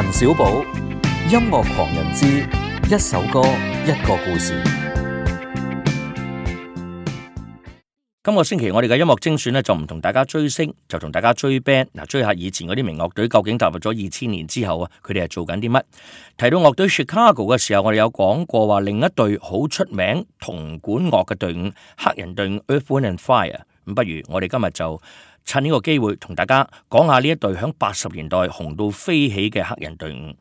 陳少寶，音樂狂人之一首歌一個故事。今個星期我哋嘅音樂精選咧，就唔同大家追星，就同大家追 band，嗱，追下以前嗰啲名樂隊，究竟踏入咗二千年之後啊，佢哋係做緊啲乜？提到樂隊 Chicago 嘅時候，我哋有講過話另一隊好出名銅管樂嘅隊伍、黑人隊伍，Earth, Wind & Fire，咁不如我哋今日就。趁呢個機會同大家講下呢一隊響八十年代紅到飛起嘅黑人隊伍。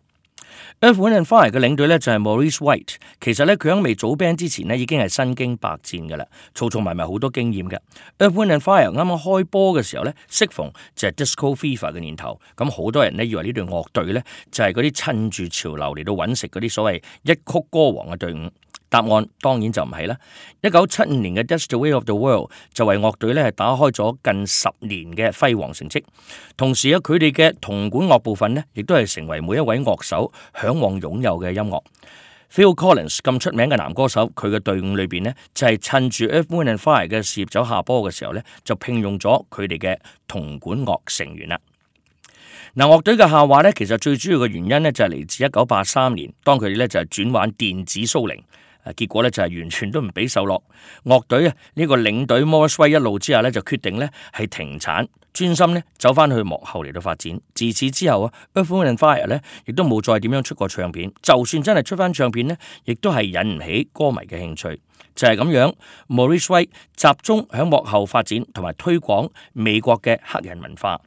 Earth, Wind & Fire 嘅領隊呢，就係、是、Maurice White，其實呢，佢喺未組 band 之前呢，已經係身經百戰噶啦，儲儲埋埋好多經驗噶。Earth, Wind & Fire 啱啱開波嘅時候呢，適逢就係 Disco Fever 嘅年頭，咁、嗯、好多人呢，以為呢隊樂隊呢，就係嗰啲趁住潮流嚟到揾食嗰啲所謂一曲歌王嘅隊伍。答案當然就唔係啦。一九七五年嘅《That's the Way of the World》就為樂隊咧係打開咗近十年嘅輝煌成績。同時啊，佢哋嘅銅管樂部分咧，亦都係成為每一位樂手向往擁有嘅音樂。Phil Collins 咁出名嘅男歌手，佢嘅隊伍裏邊咧就係、是、趁住《Earth, Wind & Fire》嘅事業走下坡嘅時候咧，就聘用咗佢哋嘅銅管樂成員啦。嗱，樂隊嘅下滑咧，其實最主要嘅原因咧就係、是、嚟自一九八三年，當佢哋咧就係、是、轉玩電子蘇玲。結果咧就係完全都唔俾受落，樂隊啊呢個領隊 Maurice White 一路之下咧就決定咧係停產，專心咧走翻去幕後嚟到發展。自此之後啊，《Earth, Wind & Fire》咧亦都冇再點樣出過唱片，就算真係出翻唱片咧，亦都係引唔起歌迷嘅興趣。就係、是、咁樣 Maurice White 集中響幕後發展同埋推廣美國嘅黑人文化。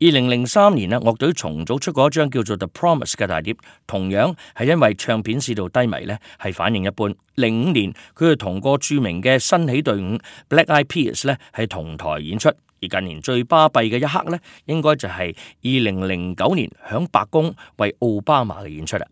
二零零三年咧，樂隊重組出過一張叫做《The Promise》嘅大碟，同樣係因為唱片市道低迷呢，係反應一般。零五年佢又同個著名嘅新起隊伍 Black Eyed Peas 咧係同台演出，而近年最巴閉嘅一刻呢應該就係二零零九年響白宮為奧巴馬嘅演出啦。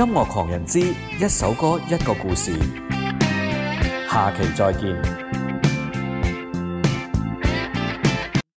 音樂狂人之一首歌，一個故事，下期再見。